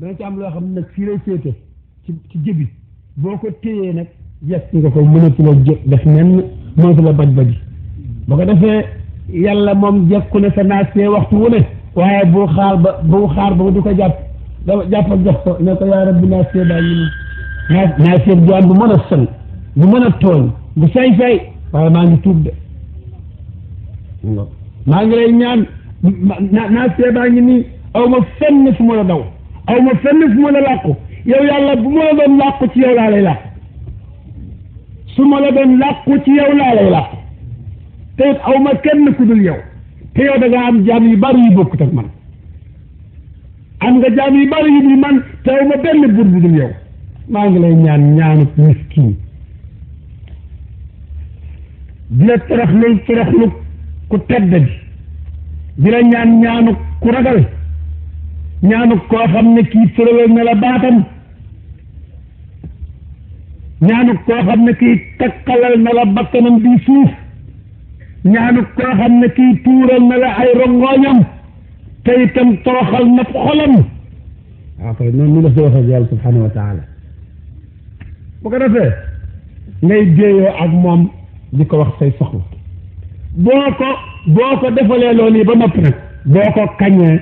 dana ci am loo xam ne nag fii féete ci ci jëbi boo ko téyee nag yàq nga ko mënatu la jë def nenn mënatu baj baji ba ko defee yàlla moom jekku ne sa naas waxtu wu ne waaye bu xaar ba bu xaar ba du ko jàpp dafa jàpp jox ko ne yaa rabbi bu mën a sën bu mën a tooñ bu say-say waaye maa ngi tuub de baa ngi nii aw fenn fu ma la daw aw ma fenn fu mën a làqu yow yàlla bu ma la doon làqu ci yow laa lay su ma la doon làqu ci yow laa lay te it ma kenn ku dul yow te yow da am jaam yu bari yu bokkut ak man am nga jaam yu bari yu dul man te aw benn bur bu maa ngi lay ñaan ñaanut miskin di la teraxlul teraxlu ku tedd bi di la ñaan ñaanu ku ragal ñaanu koo xam ne kii fërawal na baatam ñaanu koo xam ne kii takkalal na la bakkanam bi suuf ñaanu koo xam xolam waaw koy noonu ñu la si waxee yàlla subhanahu wa taala ko wax say soxla ko boo yi ba noppi nag boo ko kañee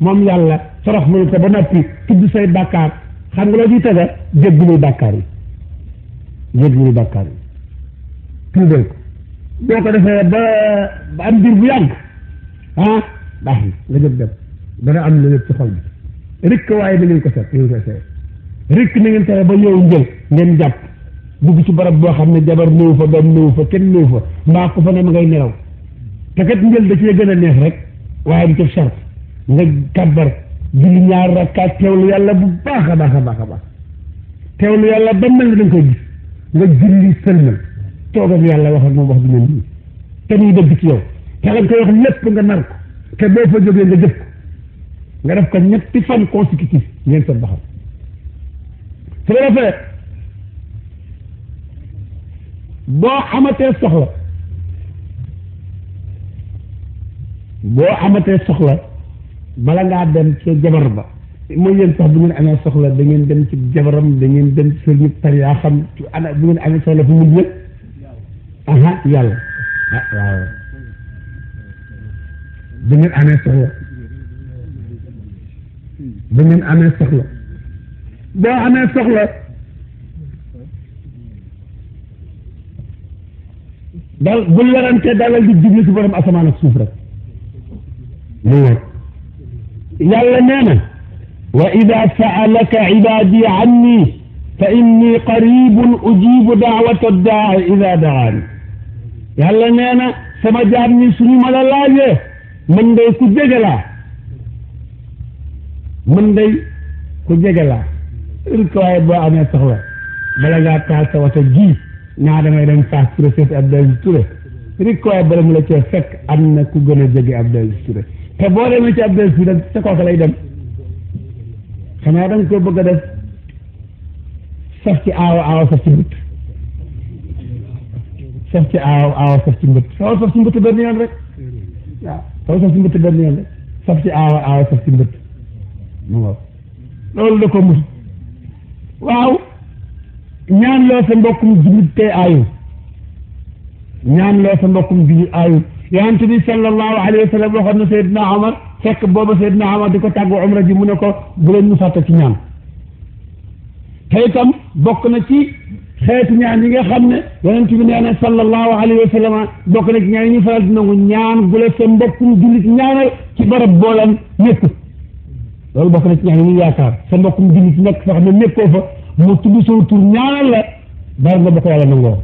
moom yàlla sarax lu ko ba noppi tudd say bàkkaar xam nga loo ciy tega jéggulu bàkkaar yi jéggulu bàkkaar yi tuubal boo ko defee ba ba am diir bu yàgg ah baax na nga jóg dem dana am lu ci xol bi rikk waaye da ngeen ko seet rikk na ngeen fexe ba yow njël ngeen jàpp dugg ci barab boo xam ne jabar néew fa doom néew fa kenn néew fa mbaa ko fa ne ma ngay nelaw te kat njël da cee gën a neex rek waaye du ci charte nga kàbbar julli ñaar rakkaat teewlu yàlla bu baax a baax a baax a baax teewlu yàlla ba mel ne da koy gis nga julli sëlmal toog yàlla wax ak moom wax bi mel te muy dëgg ci yow te lañ koy wax lépp nga nar ko te fa jógee nga jëf ko nga def ko ñetti fan consécutif ngeen seen baxam su ko boo amatee soxla boo amatee soxla bala ngaa dem ci jabar ba mooy yéen sax bu ngeen amee soxla da ngeen dem ci jabaram da dem ci sëriñ tar bu ngeen amee soxla fu da ah, ngeen amee soxla da ngeen amee soxla boo amee soxla dal bu lërante dalal di jublu ci borom asamaan ak suuf rek mu wóor yàlla nee na wa ida saalaka ibaadi anni fa inni qaribun ujibu daawata daa ida daani yàlla nee na sama jaam ñi suñu ma la laajee man day ku jege laa man day ku jege laa ël ko waaye boo amee soxla bala ngaa taal sa wata ji naa damay dem faas Touré seeti Abdoulaye Touré rik ko waaye bala mu la cee fekk am na ku gën a jege Abdoulaye Touré te boo demee ci ab bés bi nag lay dem xanaa da nga ko bëgg a def saf ci aaw aaw saf ci mbët saf ci aaw aaw saf ci mbët soo saf ci mbët benn yoon rek waaw soo saf ci mbët benn yoon rek saf ci aaw aaw saf ci mbët loolu da yonent bi sallallahu alayhi wa sallam waxoon na Seydina Omar fekk booba Seydina Omar di ko tàggu umra ji mu ne ko bu leen ñu fàtte ci ñaan te itam bokk na ci xeetu ñaan yi nga xam ne yonent bi nee na sallallahu alayhi wa sallam bokk na ci ñaan yi ñu faral di nangu ñaan gu la sa mbokkum jullit ñaanal ci barab boolam nekk loolu bokk na ci ñaan yi ñu yaakaar sa mbokkum jullit nekk fa xam ne nekkoo fa mu tudd soo tur ñaanal la bari nga bokk yàlla nangoo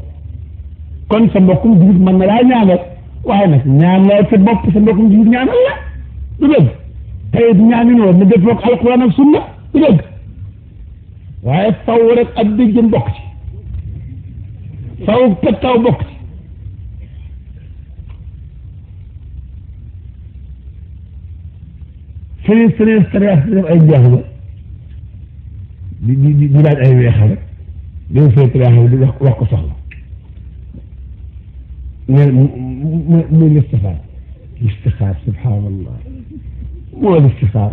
kon sa mbokkum jullit mën na laa ñaanal waaye nag ñaan la sa bopp sa mbokkum jullit ñaanal la du dëgg tey ñaan ñu war na def ak alquran ak sunna du dëgg waaye faw rek ak déggën bokk ci faw pettaw bokk ci sëriñ sëriñ sëriñ def ay jaaxle di di di laaj ay weexal rek dén sëriñ di wax wax ko soxla من من الاستخار الاستخار سبحان الله مو الاستخار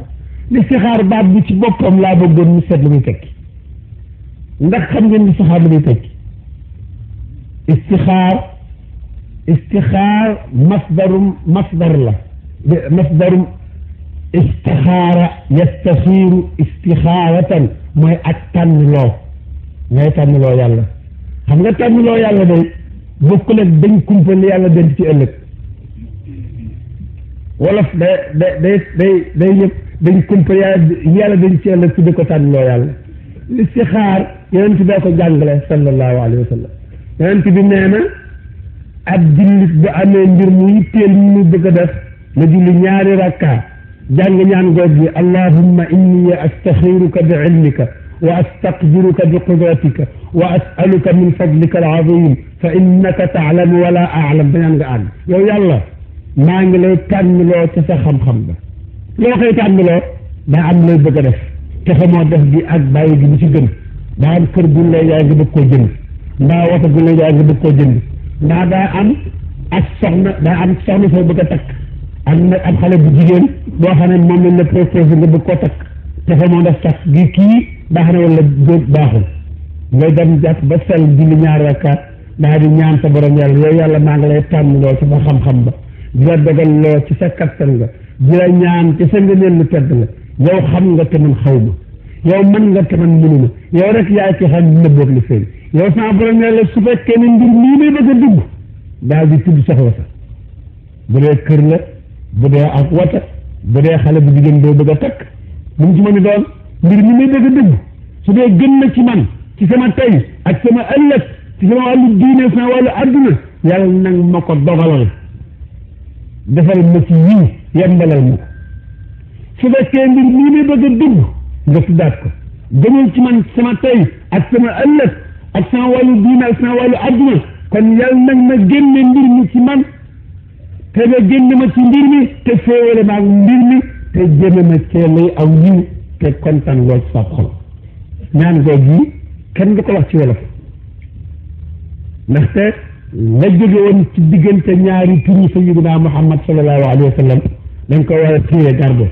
الاستخار بعد بيت بكم لا من مسد لمي تكي ندك خمي الاستخار لمي تكي استخار استخار مصدر مصدر له مصدر استخار يستخير استخارة ما أتن له ما أتن له يلا هم لا يلا ده bokkul ak dañ kumpa li yàlla denc ci ëllëg wolof day day day day yëpp dañ kumpa yàlla denc ci ëllëg su di ko tànnloo yàlla listixaar yonent bee ko jàngale sallallahu alayhi wa sallam yonent bi nee na ab jullit bu amee mbir mu yitteel mu bëgg a def na julli ñaari rakka jàng ñaan goog gi allahumma inni astaxiruka bi ilmika واستقدرك بقدرتك واسالك من فضلك العظيم فانك تعلم ولا اعلم بنان قال يا يلا ما نجلي تنلو تسا خم خم با لو خي تنلو با ام لي بغا ديف تخمو ديف دي اك ما دي مسي گن با ام كير بو لي ياغي بو كو جند نا واتا بو لي ياغي بو كو جند نا دا ام اسخنا ما ام سخنا فو بغا تك ام نا ام خالي بو جيجين بو خاني موم لا بروفيس نغا بو كو تك تخمو ديف baax na wala góob baaxul ngay dem jàpp ba sell di li ñaar rakkaat daa di ñaan sa borom yàlla yow yàlla maa ngi lay tànn loo ci ba xam-xam ba di la dagal loo ci sa kattan nga di la ñaan ci sa ngëneel lu tedd la yow xam nga te man xaw ma yow man nga te man mënu ma yow rek yaa ci xam li boog li feeñ yow sama borom yàlla su fekkee ne mbir mii may bëgg a dugg daal di tudd soxla sa bu dee kër la bu dee ak wata bu dee xale bu jigéen boo bëgg a takk mun ci mën a doon mbir mi may dëgg dëgg su dee gën na ci man ci sama tey ak sama ëllëg ci sama wàllu adduna yàlla nag ma ko dogalal defal ma ci yiw yembalal ma ko su fekkee mbir mii may bëgg a dugg nga tuddaat ko gënul ci man sama tey ak sama ëllëg ak sama wàllu diine ak sama wàllu adduna kon yàlla nag ma génne mbir mi ci man te nga génne ma ci mbir mi te féewale ma ak mi te génne ma cee lay aw yiw te kontan woo sa xol ñaan googu yi kenn du ko wax ci wolof ndaxte la jóge woon ci diggante ñaari turu sayyidina Muhammad sallallahu alayhi wa sallam dañ ko war a garbo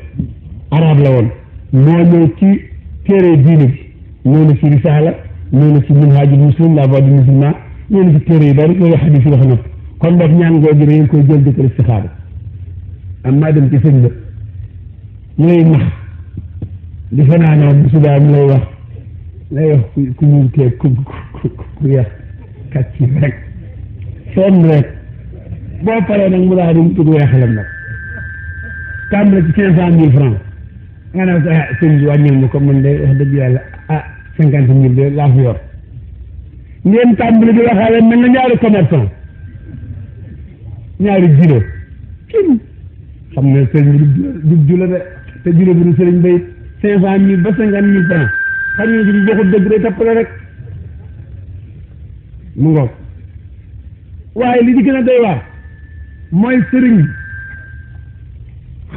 arab la woon moo ñëw ci téere diine bi ñëw na ci risala ñëw na ci minhaajul muslim la voie du musulman ñëw na ci téere yu bari ñëw na xadis yi wax na kon boog ñaan googu da ngeen koy jël di ko istixaara am maa dem ci sëñ la ñu lay nax di fanaanaan bi subaam lay wax lay wax ku ku ñuul kee ku ku ku yar kàcc rek fenn rek boo paree nag mu daal di dugg weexalam nag tàmbale ci ah, dëgg yàlla ah cinquante mille de laa fi yor ngeen tàmbale di waxaale mel na ñaari commerçant ñaari jilo kenn xam ne sëñ bi du jula de bayit cinq cent mille ba cinquante mille franc xam ne si di joxut dëgg day tappale rek mu ngoog waaye li di gën a doy waar mooy sëriñ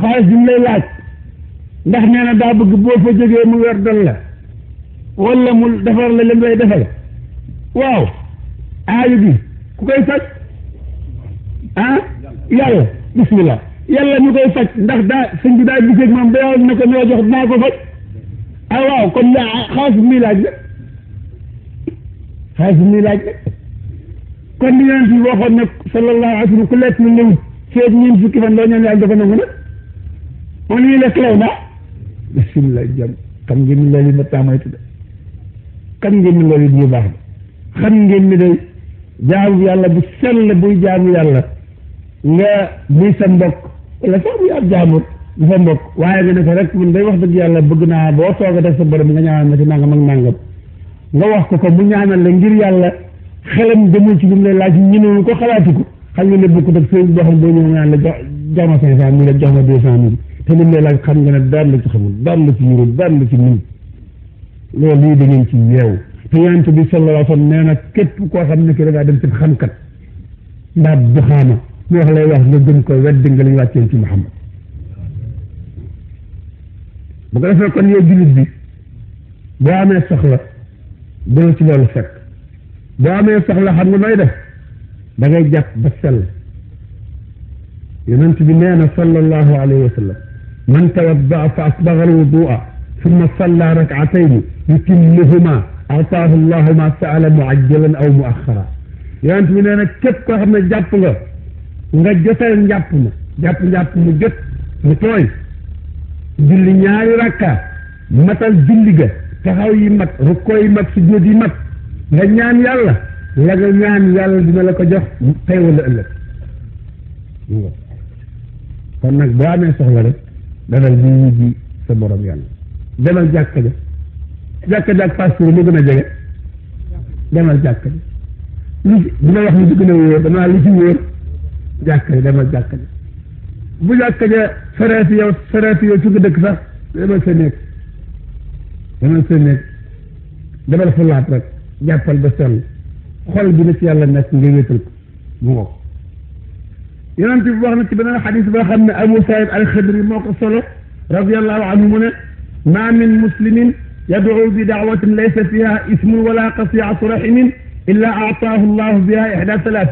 xaalis bi mu lay laaj ndax nee na daa bëgg boo fa jógee mu wer dal la wala mu defar la leen lay defal waaw bi ku koy faj ah yàlla bismillah yàlla mu koy faj ndax daa sëñ bi daa gisee moom ba yàlla na ko ñoo jox naa ko faj ah waaw kon daa xaalis muy laaj la xaalis muy laaj la kon li ngeen fi waxoon ne sallallahu alayhi wa sallam ku lu yàlla dafa nangu nag moom ñuy lekk lew naa bisimilah jàmm xam ngeen ni loolu ma de xam ngeen ni loolu baax la xam ngeen ni yàlla bu sell buy jaamu yàlla nga muy sa mbokk la sax muy ab jaamur bu fa mbokk waaye nga defe rek mun day wax dëgg yàlla bëgg naa boo toog a def sa borom nga ñaanal ma ci nangam ak nangam nga wax ko ko mu ñaanal la ngir yàlla xelam demul ci li mu lay laaj ñemewu ko xalaati ko xam nga ne bokkut ak a boo xam boo ñëw ñaan la jox jox ma cinq cent xam nga ne daan la ci xamul daan la ci yurul daan la ci mun loolu lii da ngeen ci yeewu te yonent bi xam ne ki da ngaa dem ci xamkat ndax du ñu wax lay wax nga gëm ko wedd nga lañ wàccee ci Muhammad bu ko defee kon yow jullit bi boo amee soxla bu la ci loolu fekk boo amee soxla xam nga nooy def da ngay jàpp ba sell yonent bi nee na sallallahu alayhi wa sallam man tawaddaa fa asbaga alwudua ثم صلى ركعتين يتمهما أعطاه الله ما سأل معجلا أو مؤخرا يعني من أنا كيف كنا جاب nga jotal njàpp ma jàpp njàpp mu jot mu tooy julli ñaari rakka matal julli ga taxaw yi mat rukkoo yi mat sujjóot yi mat nga ñaan yàlla la nga ñaan yàlla dina la ko jox tey wala ëllëg kon nag boo amee soxla rek dalal bi wujji sa borom yàlla demal jàkka ja jàkka ja ak passeport moo gën a jege demal jàkka ja li dina wax ni du gën a wóor danaa li ci wóor jàkka yi demal jàkka ji bu jàkka ja sareet yow sareet yow ci nga dëkk sax demal sa néeg demal sa néeg demal fa laat rek jàppal ba sell xol bi na ci yàlla nekk nga wéetal ko mu ngoog yonent bi wax na ci beneen xadis boo xam ne Abu Saïd al Xadri moo ko solo radiallahu anhu mu ne ma min muslimin يدعو بدعوة ليس فيها اسم ولا قطيعة رحم إلا أعطاه الله بها إحدى ثلاث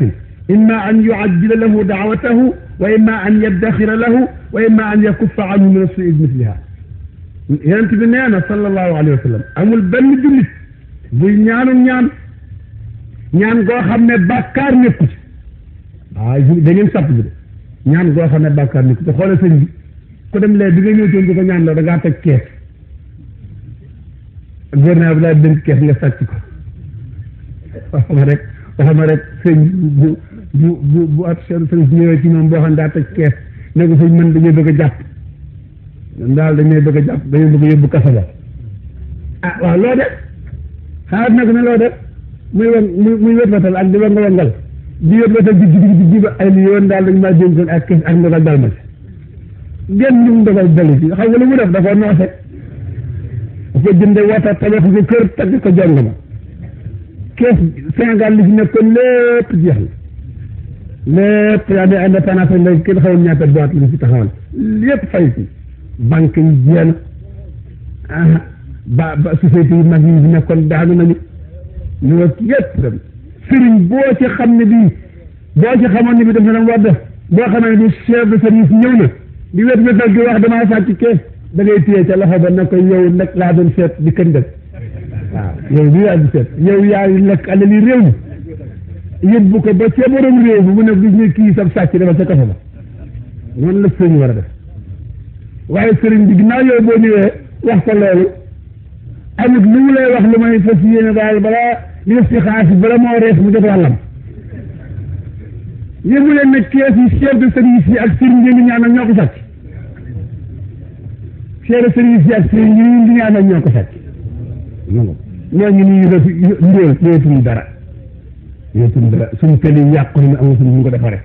imma an yuaddila lahu daawatahu wa imma an yaddaxira lahu wa imma an yakuffa anhu min asui misliha yonent bi nee na sallallahu alayhi wa sallam amul benn jullit buy ñaanu ñaan ñaan goo xam ne bàkkaar nekku ci waaw da ngeen sàpp bi de ñaan goo xam ne bàkkaar nekku ci xoolal sëñ bi ku dem lee bi nga ñëw toon di ko ñaan la da ngaa teg kees gouverneur bi laa dénk kees nga sàcc ko waxama rek waxama rek sëñ bu bu bu bu at seeru ñëwee ci boo xam daa tëj kees ne ko sëñ dañuy bëgg jàpp daal dañuy bëgg a jàpp dañuy bëgg a yóbbu kasa ba ah waaw loo def xaar nag na loo def muy wen muy wetwatal ak di weng wengal di wetwatal ji ji ji ba ay li yoon daal dañu maa dénkoon ak kees ak ndogal dal ma ci génn ñu mu dogal dali ci xam nga lu mu def dafa noose dafa jënde wata tabax ko kër tagg ko jàng ma kees Sénégal li fi nekkoon lépp jeex na lépp yaa de indépendance la kenn xamul ñaata boîte lañ ci taxawal lépp fay ci banque yi jeex na ah, ba ba société yi mag yi nekkoon daanu nañu ñu nga yëpp dem sëriñ boo ci xam ne bii boo ci xamoon ne bi def na dam war boo xamee ne bi chef de service ñëw na di wet wétal gi wax damaa sàcc kee da ngay téye ca loxo ba na ko yow nag laa doon seet di kën dëg yow li yaa di seet yow yaa lekk alal yi réew yóbbu ko ba ca borom réew bi mu ne gis ne kii sab sàcc dafa ca kaso ba noonu la sëriñ war a def waaye sëriñ bi ginnaaw yow boo ñëwee wax ko loolu amut lu mu lay wax lu may fas yéene daal balaa li def ci xaas bala moo rees mu jot wàllam yëgu leen ne kees yi chef de service yi ak sëriñ yi ngi ñaanal ñoo ko sàcc chef de service yi ak sëriñ yi ngi ñaanal ñoo ko sàcc ñoo ngi nii ñu def ndéel dootuñu dara ñoo suñu dara suñu kër yi yàqu na amul suñu ñu ko defaree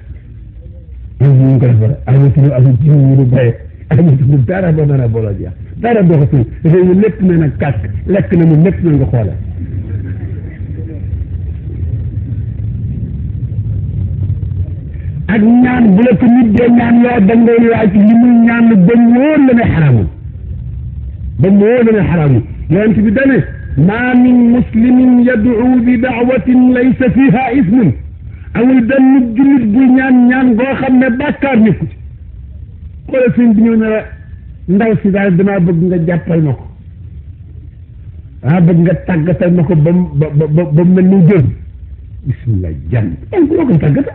amul ñu ko defaree amul suñu amul jiw ñu ñu bàyyi amul suñu dara ba dara booloo jeex dara boo ko suñu dafay ñu lépp na nag kàkk lekk na mu lépp na nga xoolee ak ñaan bu la ko nit dee ñaan loo dangay laaj li muy ñaan ba mu wóor la ne xaraamul ba mu wóor la ne xaraamul yonent bi dane ما من مسلم يدعو بدعوة ليس فيها إثم amul benn jullit buy ñaan ñaan goo xam ne bàkkaar nekku ci xoolal sëñ bi ñëw ne la ndaw si daal damaa bëgg nga jàppal ma ko daa bëgg nga tàggatal ma ko ba mu ba ba ba mel ni jël bisimilah jàmm ay loo koy tàggata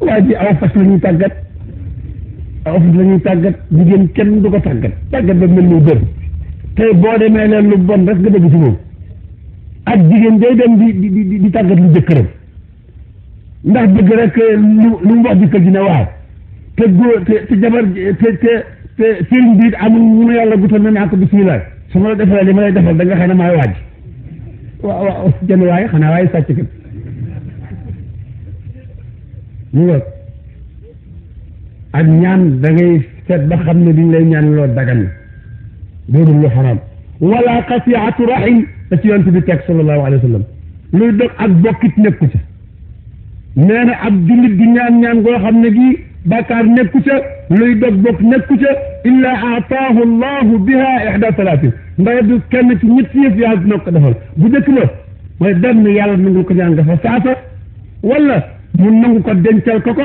waa ji aw fas la ñuy tàggat aw fas la ñuy tàggat jigéen kenn du ko tàggat tàggat ba mel ni jël tey boo demee leen lu bon rek nga dégg ci moom ak jigéen day dem di di di di tàggat lu jëkkëram ndax bëgg rek lu lu mu wax jëkkër ji ne waaw te góor te te jabar te te te sëriñ bi it amul mu ne yàlla gutal na naa ko bisimilah su ma la defalee li ma lay defal da nga xam ne maay waaj waaw waaw jën waaye xanaa waaye sàcc kat ñu nga ak ñaan da seet ba xam ne bi ñu lay ñaan loo dagan بين لو حرام ولا قطيعه رحم بس ينت صلى الله عليه وسلم لو دك اك بوكيت نيكو سا نانا اب جوليت دي نان نان غو خامني جي بكار نيكو سا لوي دك بوك نيكو سا الا اعطاه الله بها احدى ثلاثه دا يد كان تي نيت ييف يا نوك دافال بو ديك لو واي دام يالا نغو كو جان دافا ولا من نغو كو دنتال كوكو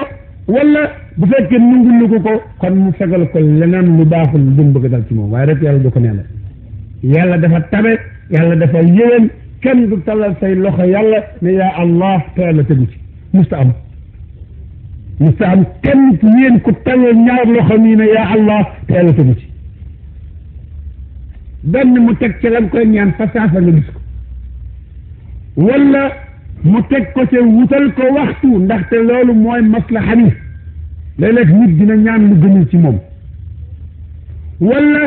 wala bu fekkee nungul na ko ko kon mu fegal ko leneen lu baaxul lu bëgg dal ci moom waaye rek yàlla du ko neela yàlla dafa tabe yàlla dafa yéwén kenn du talal say loxo yàlla ne yaa allah te yàlla tegu ci musta am musta am kenn ci yéen ku talal ñaar loxo nii ne yaa allah te yàlla tegu ci benn mu teg ci lam koy ñaan fa saafa nga gis ko wala mu teg ko ci wutal ko waxtu ndaxte loolu mooy maslaxa bi léeg-léeg nit dina ñaan lu gënul ci moom wala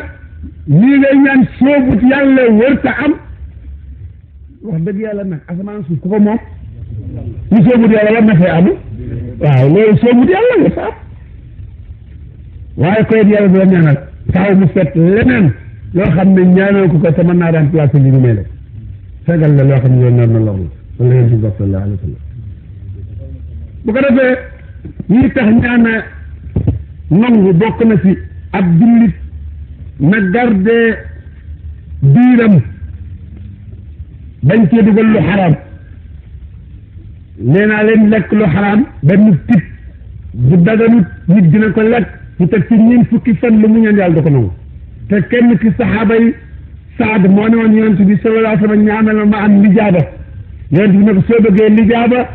ñii ngay ñaan soobut yàlla wërta am wax dëgg yàlla nag asamaan suuf ku ko moom ñu soobut yàlla war na fee waaw loolu soobut yàlla wërta am waaye koyet yàlla dala ñaanal faaw mu set leneen loo xam ne ñaanal ko ko te mën naa remplacer li ñu may la fegal la loo xam ne yoon nar na loolu wala yonent bi sallallahu alayhi wa sallam bu ko defee ñi tax ñaana nangu bokk na ci ab jullit na garde biiram bañ cee dugal lu xaraam nee naa leen lekk lu xaraam benn tit bu daganut nit dina ko lekk mu teg ci ñeent fukki fan lu mu ñaan yàlla da ko nangu te kenn ci saxaaba yi saad moo ne woon yonent bi sallallahu alayhi wa sallam ñaanal ma am lijaaba yonent bi ne ko soo bëggee lijaaba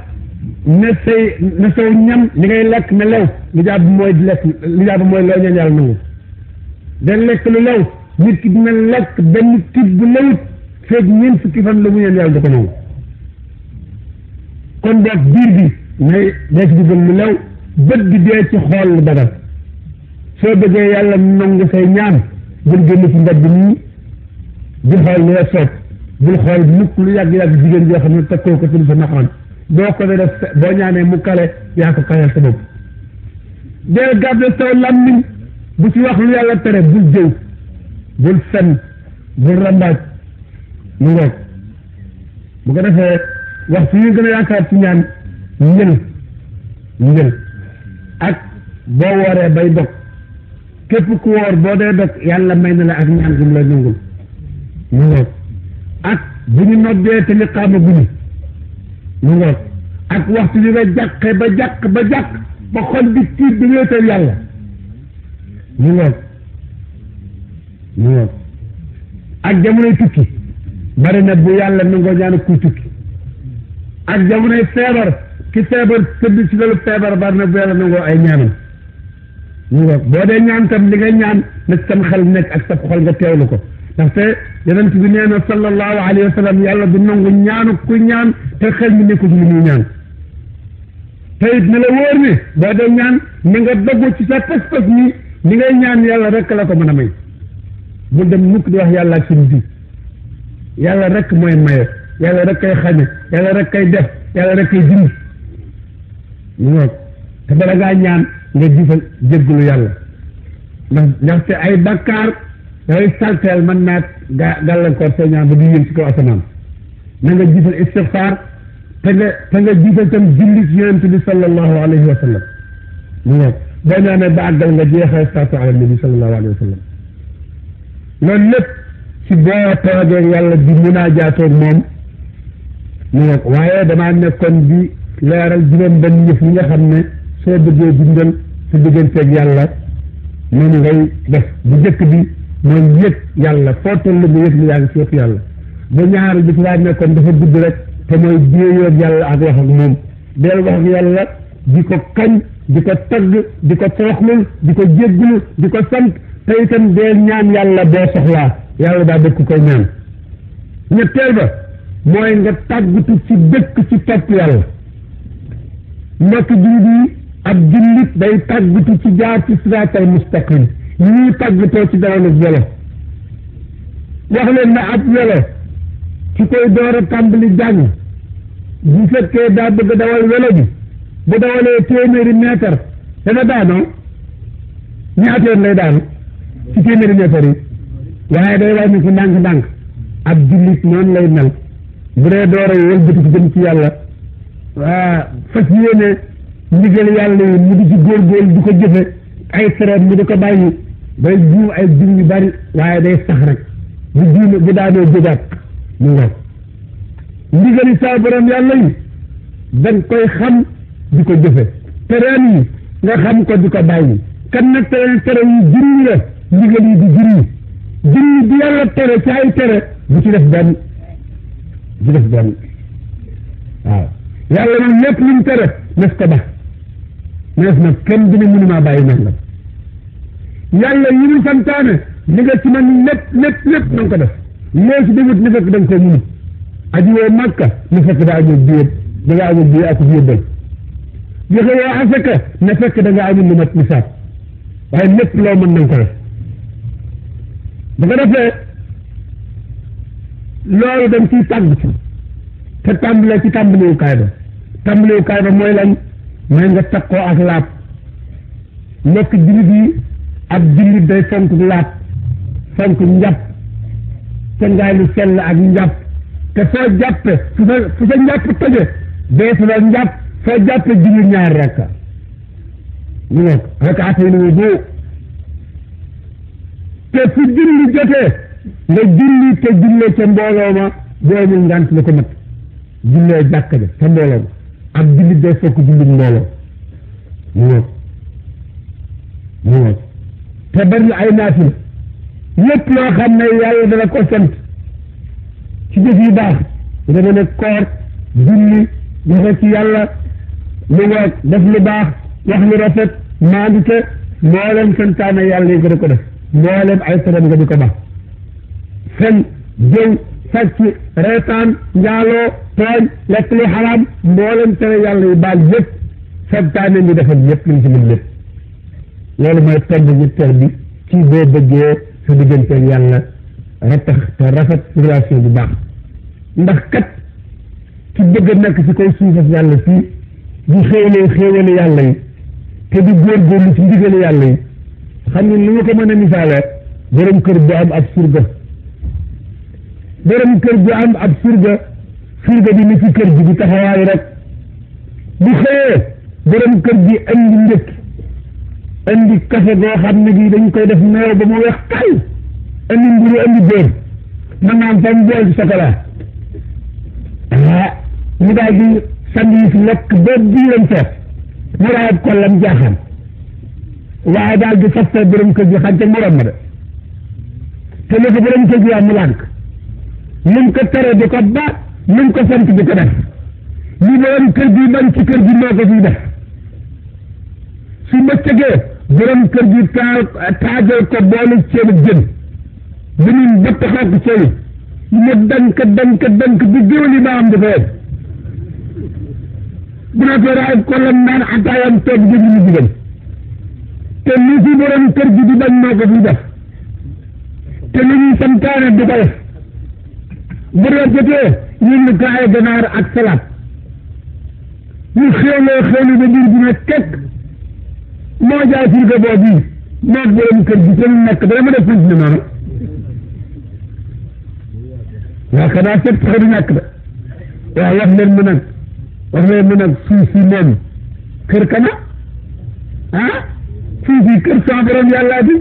na say na ñam li ngay lekk na lew lijaaba mooy lekk loo ñaan yàlla nangu da lekk lu lew nit ki dina lekk benn tibb bu lewut feeg ñeent fukki fan la mu ñaan yàlla da nangu kon boog biir bi nay dee ci dugal lu lew bët bi dee ci xool lu dagal soo bëggee yàlla nangu say ñaan bul génn ci mbedd bi nii xool lu la soob bul xool mukk lu yàgg yàgg jigéen joo xam ne takkoo ko ci sa naxoon boo ko def boo ñaanee mu kale yaa ko kayal sa bopp del gàdde saw làmmiñ bu ci wax lu yàlla tere bul jëw bul fen bul rambaaj mu ngoog bu ko defee wax su ñu gën a yaakaar ci ñaan njël njël ak boo wooree bay dog képp ku woor boo dee dog yàlla may na la ak ñaan gum la nangul mu ngoog ak bu ñu noddee te liqaama guñu mu ak waxtu bi ba jàq ba jàq ba xol bi tiit bi wéetal yàlla mu ngoog mu ngoog ak jamonoy tukki bari na bu yàlla nangoo ñaan kuy tukki ak jamonoy feebar ki feebar tëdd si loolu feebar bari bu yàlla nangoo ay ñaanam mu ngoog boo dee ñaan tam li nga ñaan na sam xel nekk ak sa xol nga teewlu ko ndaxte yonent bi nee na sallallahu wa sallam yàlla du nangu ñaanu ku ñaan te xel mi nekkul mu ñuy ñaan te it ne la wóor ne boo dee ñaan na nga dogg ci sa pas-pas ni ngay ñaan yàlla rek la ko mën a may bu dem mukk di wax yàlla ak suñu bi yàlla rek mooy maye yàlla rek kay xañe yàlla rek kay def yàlla rek kay dindi te bala ngaa ñaan nga jiifal jéggalu yàlla ndax ndaxte ay bàkkaar yooyu salteel mën naa ga gàllankoor sa ñaan ba di yéen ci kaw asamaan nga jiital istixfaar te nga jiital tam julli ci yonent bi wa sallam mu ngoog boo ñaanee ba àggal salaatu ala nabi sallallahu loolu lépp ci boo toogee yàlla di munaajaatoog moom mu ngoog waaye damaa nekkoon bi leeral juróom benn yëf nga xam ne soo bëggee dundal ci digganteeg yàlla noonu ngay def bu jëkk bi mooy yëg yàlla foo toll bu yëg lu yàlla ba ñaari bi ci laa nekkoon dafa gudd rek te mooy jéeyoog yàlla ak wax ak moom deel wax ak yàlla di ko kañ di ko tagg di ko toroxlul di ko jéggul di ko sant te itam deel ñaan yàlla boo soxlaa yàlla daa dëkk koy ñaan ñetteel ba mooy nga tàggatu ci dëkk ci topp yàlla mbokk jullit yi ab jullit day tàggatu ci jaar ci siraatal mustaqim ñuy tàggatoo ci dawalub welo wax leen na ab welo ci koy door a tàmbali jàng bu fekkee daa bëgg dawal welo bi bu dawalee téeméeri meetar dana daanoo ñaata yoon lay daanu ci téeméeri meetar yi waaye day wàññi ko ndànk-ndànk ab jullit noonu lay mel bu dee door a wëlbati ko ci yàlla waa fas yéene ndigal yàlla yi mu di ci góorgóorlu di ko jëfe ay sereet mu di ko bàyyi day jiw ay jiw yu bari waaye day sax rek bu jiw bu daanoo jógaat mu ngar ndigali saa borom yàlla yi dañ koy xam di ko jëfe tereen yi nga xam ko di ko bàyyi kan nag tere tere yi jëriñ la ndigal yi di jëriñ jëriñ bi yàlla tere ci ay tere bu ci def benn bu ci def benn waaw yàlla moom lépp lu mu tere def ko ba mais nag kenn dina mënumaa bàyyi nangam yàlla yi ñu santaane li nga ci man lépp lépp lépp na nga ko def si demut ni da ko munut aji woo màkka ni fekk daa amoon biyëb da nga amoon biyëb ak yóbbal joxe woo asaka na fekk da nga amoon lu mat misaab waaye lépp loo mën na nga ko def bu ko defee loolu dañ ciy tàgg ci te tàmbalee ci tàmbaliwukaay ba tàmbaliwukaay ba mooy lan mooy nga takkoo ak laab nekk jullit yi ab jullit day fonk laat fonk njàpp te ngaay sell ak njàpp te foo jàppe fu sa fu sa njàpp tëje deesu la njàpp foo jàppe julli ñaar rakka mu nekk rakkaatay lu wudu te fu julli jotee nga julli te jullee ca mbooloo ma boomul ngant la ko mat jullee jàkk ja ca mbooloo ma ab jullit day fokk julli mbooloo mu nekk mu nekk تبرل اي ناسل يب لو خمنا يالي دا لكو سنت كي دي باخ دا من الكور دولي يغيك يالا لغاك دفلي باخ يخلي رفت ما عندك مولم سنتانا يالي يغير كده مولم اي سنة مغدو كبا سن جو سكي ريطان يالو فان لكلي حرام مولم تانا يالي يبال يب سنتانا يدخل يب من جميل يب loolu mooy perd gi perd ci boo bëggee sa digganteeg yàlla ratax te rafet relation bu baax ndax kat ci bëgg a nekk si koy suufas yàlla fii di xéewlee xéewale yàlla yi te di góorgóorlu ci ndigale yàlla yi xam ne ni nga ko mën a misaale borom kër bu am ab surga borom kër bu am ab surga surga bi ni kër gi di taxawaay rek bu xëyee borom kër gi andi ndékki indi kafe goo xam ne bii dañ koy def meew ba mu weex kay indi mburu indi beer ma naan seen bool chocolat ah daal di sandwich lekk ba biiram fees mu raayat ko lam jaaxaan waaye daal di faste kër gi xante morom ma de te li ko kër gi yaa mu lànk mun ko tere di ko ba mun ko sant di ko def li borom kër gi man ci kër gi moo ko fiy def su ma borom kër gi taa taajal ko boole ceeb jën bi ñun ba taxaw ko ceeb dank dank dank bi géwél yi maam di ko yegg bu na ko raay naan ataayam toog jëg ñu digal te li fi borom di bañ moo ko fi def te di ko def bu dee jotee ñun ñu kaay ak salaat ñu xéewloo xéewlu ba biir bi ne moo jaay frigo boobu moom borom kër gi seen nekk dara ma def fii ci noonu yaakaar naa seet sax du nekk de waaw wax leen mu nag wax leen mu nag suuf si moom kër kana ah suuf si kër sans borom yàlla bi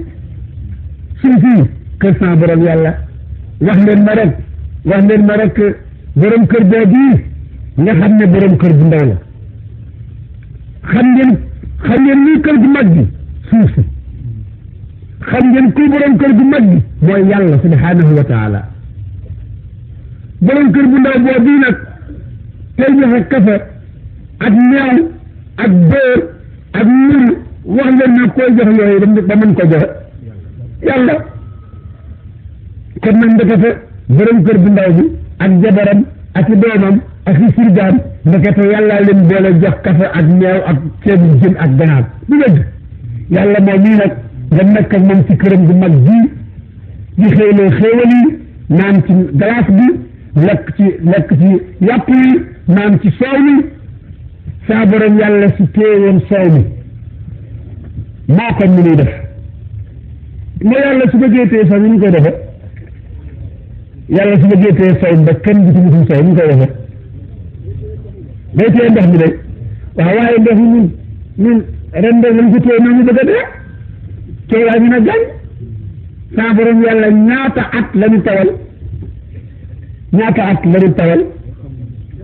suuf si kër sans borom yàlla wax leen ma rek wax leen ma rek borom kër ne xam ngeen ni kër gu mag gi suuf si xam ngeen kuy borom kër gu mag gi mooy yàlla subhanahu wa taala borom kër bu ndaw boo bii nag tey joxe kafe ak meew ak beer ak mbir wax leen ne koy jox yooyu ba mën ko joxe yàlla kon nag ndekete borom kër bu ndaw bi ak jabaram ak doomam ak i surgaan ndekete yàlla leen boole jox kafe ak meew ak ceebu jën ak ganaar du dëgg yàlla moom mii nag nga nekk ak moom ci këram gu mag bii di xéewloo xéewal yi naan ci glace bi lekk ci lekk ci yàpp yi naan ci soow mi saa yàlla si téewoon soow mi moo ko mu nuy def ne yàlla su bëggee téye sax ni ñu koy defe yàlla su bëggee soow ba kenn koy defe day téye ndox mi day waaw waaye ndox mi ñun ñun ren de lañ ko téye ñu bëgg a dee coow laa ñu ne gàñ saa borom ñaata at la ñu tawal ñaata at la ñu tawal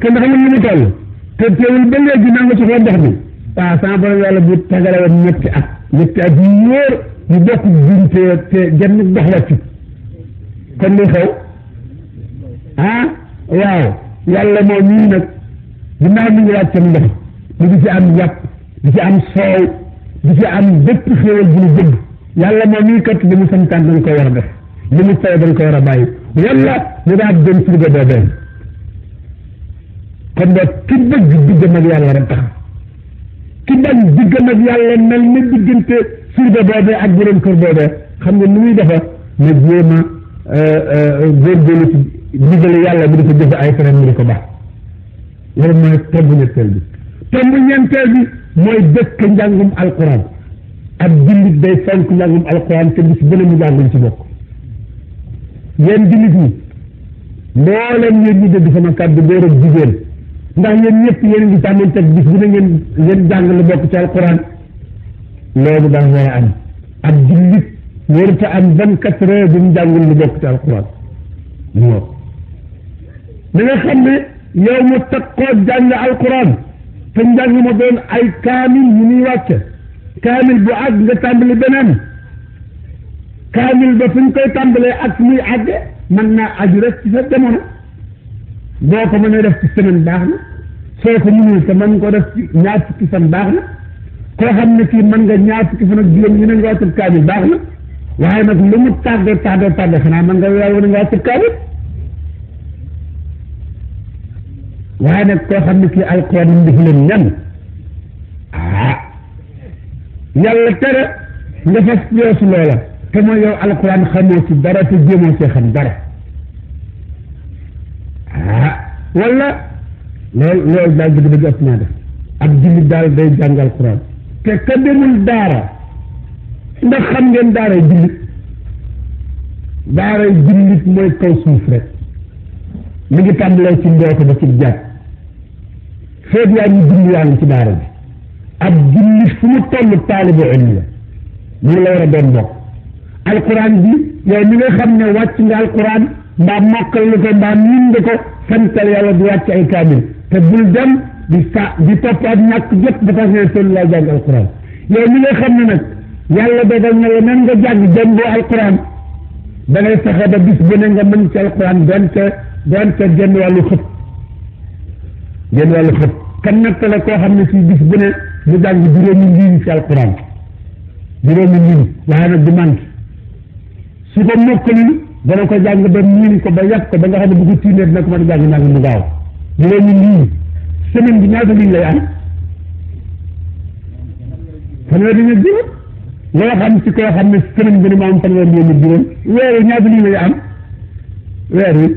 te ndox mi mu toll te teewul ba mi waaw saa borom yàlla bu tagale woon ñetti at ñetti at yu wóor ñu bokk jur te te genn ndox wàcc kon li xew ah waaw yàlla moo ginnaaw mi ngi laaj seen ndox ñu di ci am yàpp di ci am soow di ci am bépp xéewal bu ñu bëgg yàlla moom mii kat li mu santaan dañ ko war a def li mu tere dañ ko war a bàyyi yàlla ñu daal dem ci li kon nag ki bëgg diggam ak yàlla rek tax ki bañ diggam ak yàlla mel ni diggante surga boobee ak borom kër boobee xam nga ni muy defa na jéem a euh, euh, góorgóorlu ci yàlla bi di ko jëfe ay feneen mu ko baax loolu mooy tomb ñetteel bi tomb ñeenteel bi mooy dëkk njàngum alquran ak jullit day fonk njàngum alquran te bis bu ne mu ci bokk yéen jullit ñi mbooleem yéen sama kàddu góor ak jigéen ndax ñëpp yéen ngi tàmmante ngeen ngeen jàng lu bokk ci alquran loolu daa war a am ak jullit warut a am vingt quatre heures bu mu lu bokk ci alquran non da xam ne yow mu teg koo jàng alquran te njàng ma doon ay kaamil yu ñuy wàcce kaamil bu àgg nga tàmbali beneen kaamil ba fi ñu koy tàmbalee ak muy àgge mën naa aju rek ci sa jamono boo ko mënee def ci semaine baax na soo ko mënul te mën ko def ci ñaar fukki fan baax na koo xam ne kii mën nga ñaar fukki fan ak juróom ñu ne nga wàcce kaamil baax na waaye nag lu mu tàgge tàgge tàgge xanaa mën nga weewu nga wàcce kaamil waaye nag koo xam ne kii alkool yi mu def leen ñan ah yàlla tere nga fas yoosu loola te mooy yow alquran xamoo ci dara te jéemoo see xam dara ah wala loolu loolu daal dëgg dëgg ëpp naa def ak jullit daal day jàng alquran te ka daara ndax xam ngeen daara jullit daara jullit mooy kaw suuf rek mi ngi tàmbalee ci ndoo ba ci jàpp feeg yaa ngi julli yaa ngi ci daara bi ab julli fu mu toll taalibu ilmi la ñu la war a doon bokk alquran bi yow ni nga xam ne wàcc nga alquran mbaa mokkal nga ko mbaa miin nga ko santal yàlla di wàcc ay kaamil te bul dem di sa di topp ak ñàkk jot di tax ngay seen laa jàng alquran yow ni nga xam ne nag yàlla dogal na la nan nga jàng jëmboo alquran da ngay fexe ba bis bu ne nga mën ci alquran donte donte genn wàllu xëpp genn wàllu xëpp kan natt la koo xam ne si bis bu ne mu jàng juróomi liin ci alquran juróomi liin waaye nag du mànk su ko mokkalul dana ko jàng ba miin ko ba yàq ko ba nga xam ne bu ko tiimee dina ko mën a jàng bi ñaata liin lay am fanweer xam si koo xam ne semaine bi ne ma am fanweer dina juróom weer wi ñaata lay am weer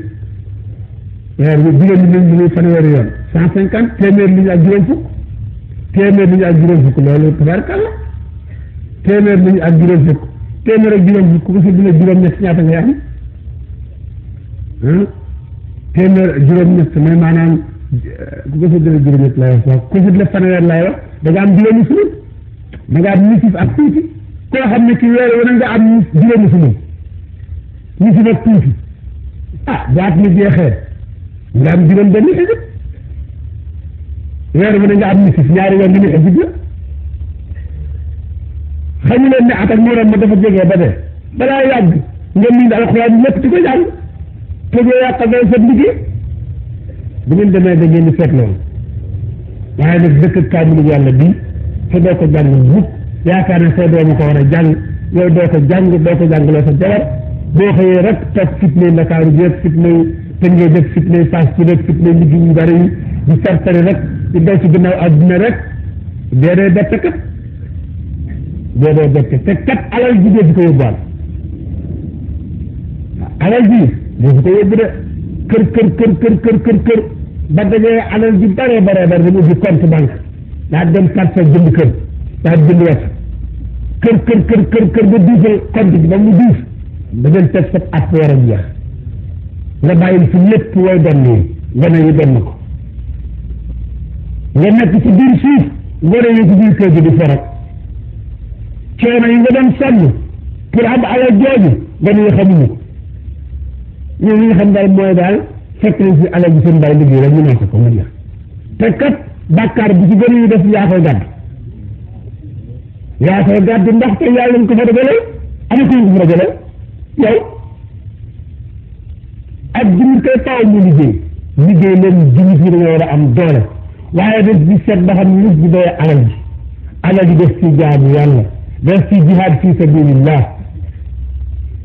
weer bi jigéen ñi ñu fanweeri yoon cent cinquante téeméer li ñu ak juróom fukk téeméer li ñu ak juróom fukk loolu tabarkalla téeméer li ñu ak juróom fukk téeméer ak juróom fukk ku si dina juróom am téeméer eh, fanweer lay wax da am juróomi sunu da am nisif ak tuuti koo xam ne ki weer wana nga am juróomi sunu nisif ak tuuti ah baat mi jeexee ndaam juróom benn xisib weer bu ne nga am misis ñaari weer ñu ne xisib la xañu ak muram ma dafa jege ba de balaa yàgg nga miin alxuraan lépp di ko jàng te doo yàqal day sa liggéey bu ngeen demee da ngeen di seet loolu waaye nag dëkk kaamilu yàlla bi te doo ko jàng mukk yaakaar ne sa doomu ko war a yow doo ko jàng doo ko jàng loo sa jabar boo xëyee rek toog fitne Ndakaaru jeeg fitne te ngay def fitne paas ci rek fitne liggéey yu bari yi di sartari rek di daw ci ginnaaw àdduna rek déedee bett kat déedee bett te kat alal ji dee di ko yóbbuwaal alal ji dee di ko yóbbu de kër kër kër bare bare bare dañu ubbi compte banque daa dem carte jënd kër daa jënd wet kër kër kër kër kër ba duufal compte ba mu duuf da ngeen teg sa at war a nga bàyyil fi lépp looy benn yi gone ko nga nekk ci biir suuf gone yi ci biir kër gi di ferek coono yi nga doon sonn pour am alal jooju gone yi xamuñu ko ñun xam daal mooy daal fekk nañ si alal bi seen bàyyi liggéey rek ñu nekk ko mu jeex te kat bàkkaar bi ci gone yi def yaa koy gàdd yaa koy gàdd ndaxte yàlla lañ ko fa dogale ana ko ko fa dogale yow ak jullit koy taw mu liggéey liggéey leen jullit yi dañoo war a am doole waaye def di seet ba xam nit bi doy alal ji alal ji def ci jaamu yàlla def ci jihaad fi sabilillah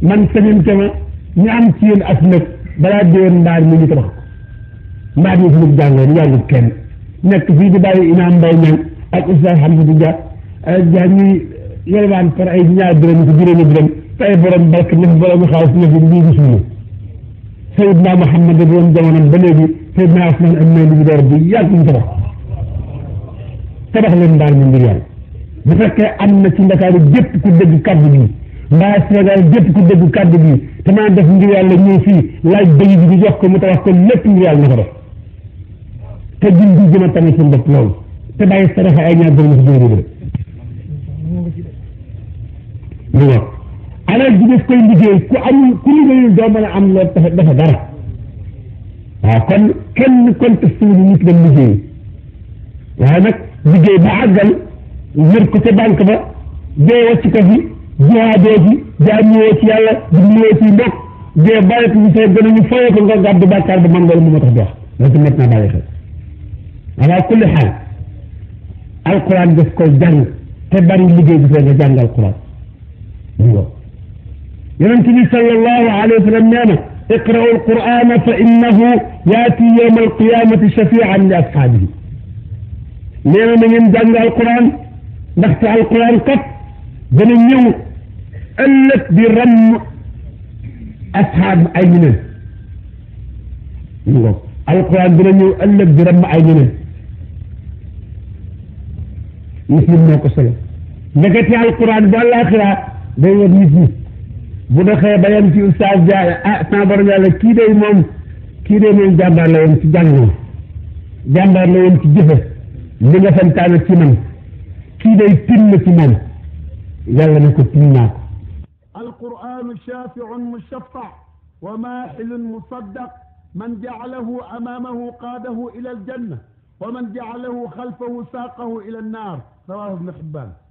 man sañoon tama ñu am ci yéen as nag balaa déwén mbaar mi ñu tabax mbaar mi fi mu jàngoo ñu yàggut kenn nekk fii di bàyyi imaam mbay ñang ak oustaz Hamidou Dia Dia ñuy yelwaan par ay ñaar dërëm ci juróomi dërëm te ay borom barke ñëf borom xaalis ñëf ñu ngi suñu سيدنا محمد بن جوان البلدي سيدنا عثمان بن عمي بن ربي يال سن تبخ تبخ لن دار من ريال بفكة أمنا سيدنا دكار جيب كو دك كارد بي ما سيدنا جيب كو دك كارد بي تما دف من ريال لن يوفي لاي بي بي جوخ كو متوخ كو لت من ريال نغرف تجين دي جمع تاني سن دك لول تبعي سرخ اينا دل مخدوري نعم. بي alal bi def koy liggéey ku amul ku liggéeyul doo a dafa dara waaw kon kenn contesté wu nit dem liggéey waaye nag liggéey ba àggal yër ko ca ba dee wacc ko fi jihaadoo ci jaamuwoo ci yàlla dimbuwoo ci mbokk dee bàyyi ko nga gàddu bàkkaar ba man mu ma tax dox loolu tamit naa bàyyi xel ala kulli xaal alquran koy jàng te bari liggéey bi fee nga jàng alquran يمنتني صلى الله عليه وسلم يعني اقرأوا القرآن فإنه يأتي يوم القيامة شفيعا لأصحابه لأنه من يمدن القرآن نخت القرآن قط بن اليوم ألت برم أصحاب أيمنه القرآن بن اليوم ألت برم أيمنه مسلم ما قصر نكتع القرآن بالآخرة بين نسمه bu doxee ba yem ci oustaz Dia ah sama borom yàlla kii de moom kii de moom jàmbaar la woon ci jàng jàmbaar la woon ci jëfe li nga santaane ci man kii de tin na ci moom yàlla na ko tin naa ko. القرآن شافع مشفع وماحل مصدق من جعله أمامه قاده إلى الجنة ومن جعله خلفه ساقه إلى النار رواه ابن حبان